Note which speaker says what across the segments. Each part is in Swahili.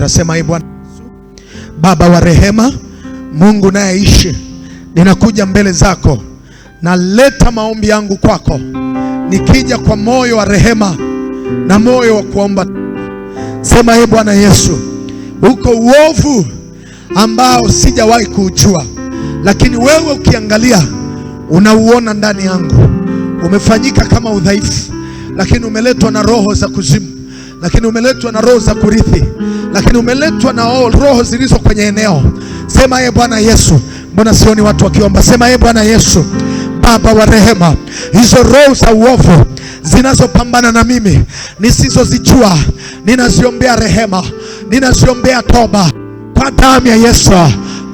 Speaker 1: Nasema hii Bwana Baba wa rehema, Mungu nayeishi, ninakuja mbele zako, naleta maombi yangu kwako, nikija kwa moyo wa rehema na moyo wa kuomba. Sema hii Bwana Yesu, uko uovu ambao sijawahi kuujua, lakini wewe ukiangalia unauona ndani yangu, umefanyika kama udhaifu, lakini umeletwa na roho za kuzimu lakini umeletwa na roho za kurithi, lakini umeletwa na roho zilizo kwenye eneo. Sema ye ee Bwana Yesu, mbona sioni watu wakiomba? Sema ye ee Bwana Yesu, Baba wa rehema, hizo roho za uovu zinazopambana na mimi nisizozijua, ninaziombea rehema, ninaziombea toba kwa damu ya Yesu,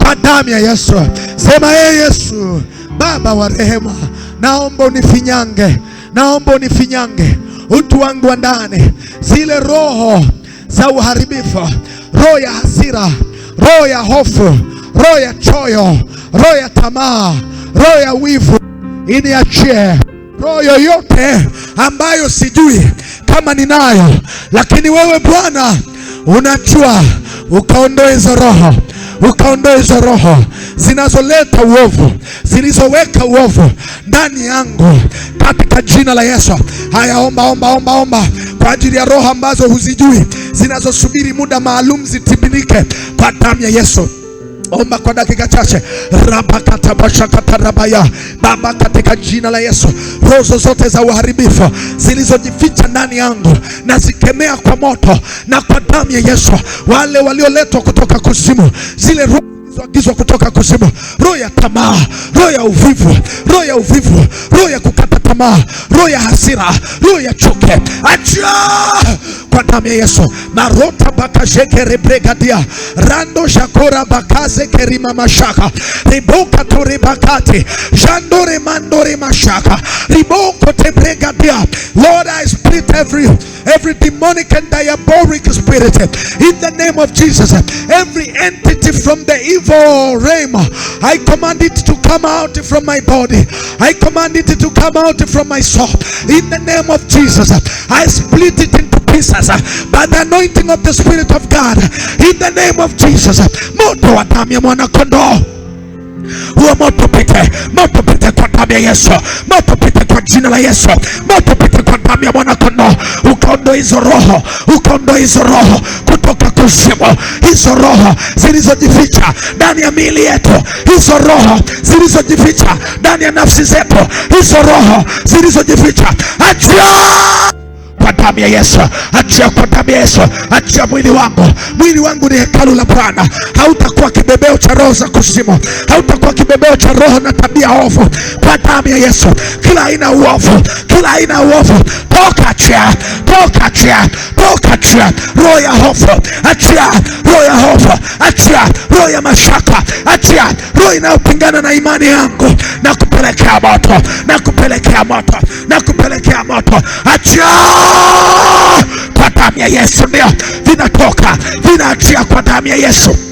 Speaker 1: kwa damu ya Yesu. Sema ye ee Yesu, Baba wa rehema, naomba unifinyange, naomba unifinyange utu wangu wa ndani, zile roho za uharibifu, roho ya hasira, roho ya hofu, roho ya choyo, roho ya tamaa, roho ya wivu iniachie. Roho yoyote ambayo sijui kama ninayo, lakini wewe Bwana unajua, ukaondoe hizo roho ukaondoe hizo roho zinazoleta uovu, zilizoweka uovu ndani yangu katika jina la Yesu. Haya, omba omba omba omba kwa ajili ya roho ambazo huzijui zinazosubiri muda maalum zitibinike kwa damu ya Yesu omba kwa dakika chache. rabakatabashakatarabaya Baba, katika jina la Yesu, roho zozote za uharibifu zilizojificha ndani yangu nazikemea kwa moto na kwa damu ya Yesu. Wale walioletwa kutoka kuzimu, zile roho zagizwa kutoka kuzimu, roho ya tamaa, roho ya uvivu, roho ya uvivu, roho ya kukata tamaa, roho ya hasira, roho ya chuke, acha kwa damu ya Yesu. marota bakashekerebregadia rando shakora bakaze kerima mashaka riboka tore bakati jandore mandore mashaka riboko tebregadia
Speaker 2: Lord, I every every demonic and diabolic spirit in the name of Jesus. Every entity from the evil realm, I command it to come out from my body. I command it to come out from my soul. In the name of Jesus, I split it into pieces by the anointing of the Spirit of God. In the name of Jesus,
Speaker 1: ya Yesu, moto pite kwa jina la Yesu, moto pite kwa damu ya mwana kondoo, ukaondoe hizo roho, ukaondoe hizo roho kutoka kuzimu, hizo roho zilizojificha ndani ya miili yetu, hizo roho zilizojificha ndani ya nafsi zetu, hizo roho zilizojificha achia kwa damu ya Yesu, achia kwa damu ya Yesu, achia mwili wangu. Mwili wangu ni hekalu la Bwana, hautakuwa kibebeo cha roho za kuzimu, hautakuwa kibebeo cha roho na tabia ovu. Kwa damu ya Yesu, kila aina uovu, kila aina uovu, toka chia, toka chia, toka chia, roho ya hofu achia, roho ya hofu achia, roho ya mashaka achia, roho inayopingana na imani yangu na kupelekea moto, na kupelekea moto, na kupelekea moto. Achia kwa damu ya Yesu, ndio vinatoka, vinaachia kwa damu ya Yesu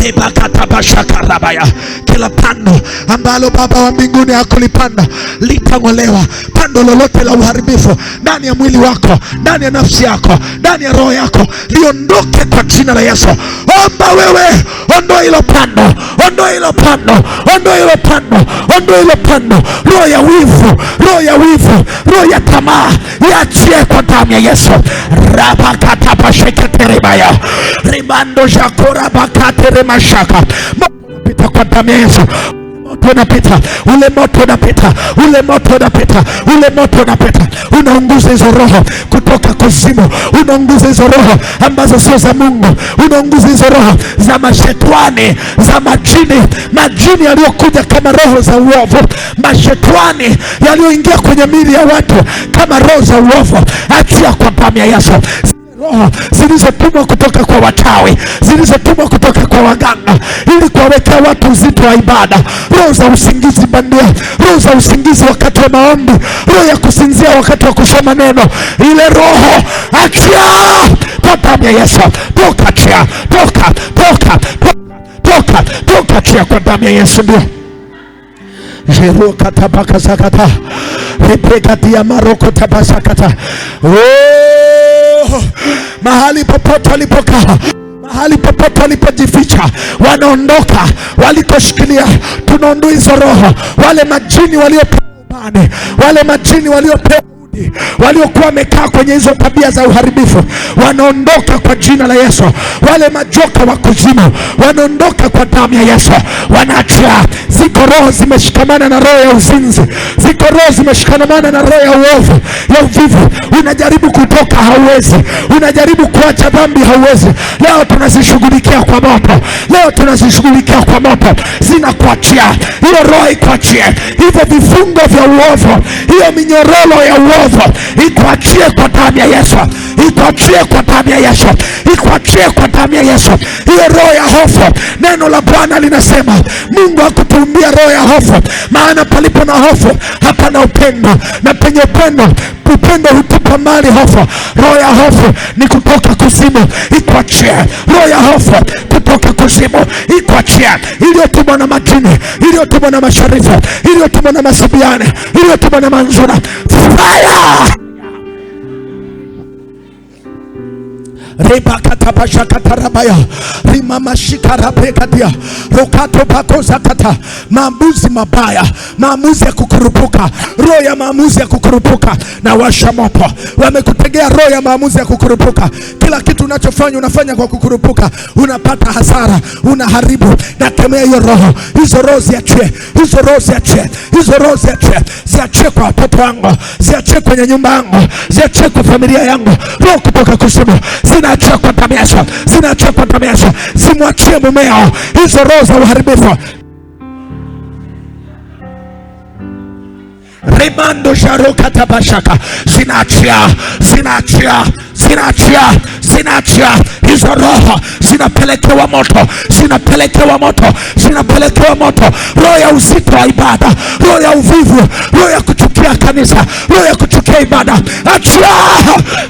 Speaker 1: rebakatabashakarabaya. Kila pando ambalo Baba wa mbinguni hakulipanda litang'olewa. Pando lolote la uharibifu ndani ya mwili wako, ndani ya nafsi yako, ndani ya roho yako liondoke kwa jina la Yesu. Omba wewe, ondoa hilo pando, ondoa hilo pando, ondoa hilo pando, ondoa hilo pando. Roho ya wivu, roho ya wivu, roho ya tamaa iachie kwa damu ya Yesu. rabakatabashaketerebaya rimando shakora bakate remashaka pita kwa damu ya Yesu moto unapita, ule moto unapita, ule moto unapita, ule moto unapita, unaunguza hizo roho kutoka kuzimu, unaunguza hizo roho ambazo sio za Mungu, unaunguza hizo roho za mashetwani, za majini, majini yaliyokuja kama roho za uovu, mashetwani yaliyoingia kwenye miili ya watu kama roho za uovu, achia kwa damu ya Yesu roho zilizotumwa kutoka kwa wachawi zilizotumwa kutoka kwa waganga, ili kuwawekea watu uzito wa ibada, roho za usingizi bandia, roho za usingizi wakati wa maombi, roho ya kusinzia wakati wa kusoma neno, ile roho achia kwa damu ya Yesu, toka chia, toka toka toka toka, chia kwa damu ya Yesu, ndio jerokatapakasakata epekatiamaroko tapasakata oh! mahali popote walipokaa mahali popote walipojificha, wanaondoka walikoshikilia Tunaondoa hizo roho, wale majini waliopewa ubani, wale majini waliopewa waliokuwa wamekaa kwenye hizo tabia za uharibifu wanaondoka kwa jina la Yesu. Wale majoka wa kuzimu wanaondoka kwa damu ya Yesu, wanaachia. Ziko roho zimeshikamana na roho ya uzinzi, ziko roho zimeshikamana na roho ya uovu, ya uvivu. Unajaribu kutoka, hauwezi. Unajaribu kuacha dhambi, hauwezi. Leo tunazishughulikia kwa moto, leo tunazishughulikia kwa moto, zinakuachia. Hiyo roho ikuachie, hivyo vifungo vya uovu, hiyo minyororo ya uovu nguvu, ikuachie kwa damu ya Yesu, ikuachie kwa damu ya Yesu, ikuachie kwa damu ya Yesu. Hiyo roho ya hofu, neno la Bwana linasema Mungu akutumbia roho ya hofu, maana palipo na hofu hapana upendo, na penye upendo upendo hutupa mali hofu. Roho ya hofu ni kutoka kuzimu, ikuachie roho ya hofu kutoka kuzimu, ikuachie iliyotumwa na majini, iliyotumwa na masharifu, iliyotumwa na masibiane, iliyotumwa na manzura fire ¡Ah! rebakatabashakatarabaya rimamashikarabrekadia rokatopakozakata maamuzi mabaya, maamuzi ya kukurupuka, roho ya maamuzi ya kukurupuka na washa moto. Wamekutegea roho ya maamuzi ya kukurupuka. Kila kitu unachofanya unafanya kwa kukurupuka, unapata hasara, unaharibu. Nakemea hiyo roho, hizo roho ziachie, hizo roho ziachie, hizo roho ziachie, ziachie kwa watoto wangu, ziachie kwenye nyumba yangu, ziachie kwa familia yangu, roho kutoka kusimu zina zinaachia kwa damu ya Yesu, zinaachia kwa damu ya Yesu, zimwachie mumeo hizo roho za uharibifu. rimando sharukatabashaka zinaachia, zinaachia, zinaachia, zinaachia hizo roho zinapelekewa moto, zinapelekewa moto, zinapelekewa moto. Roho ya uzito wa ibada, roho ya uvivu, roho ya kuchukia kanisa, roho ya kuchukia ibada, achia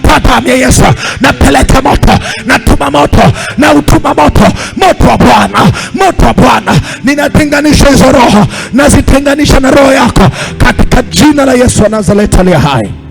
Speaker 1: kwa damu ya Yesu. Napeleka moto, natuma moto, na utuma moto, moto wa Bwana, moto wa Bwana. Ninatenganisha hizo roho, nazitenganisha na roho yako katika jina la Yesu wa Nazareti aliye hai.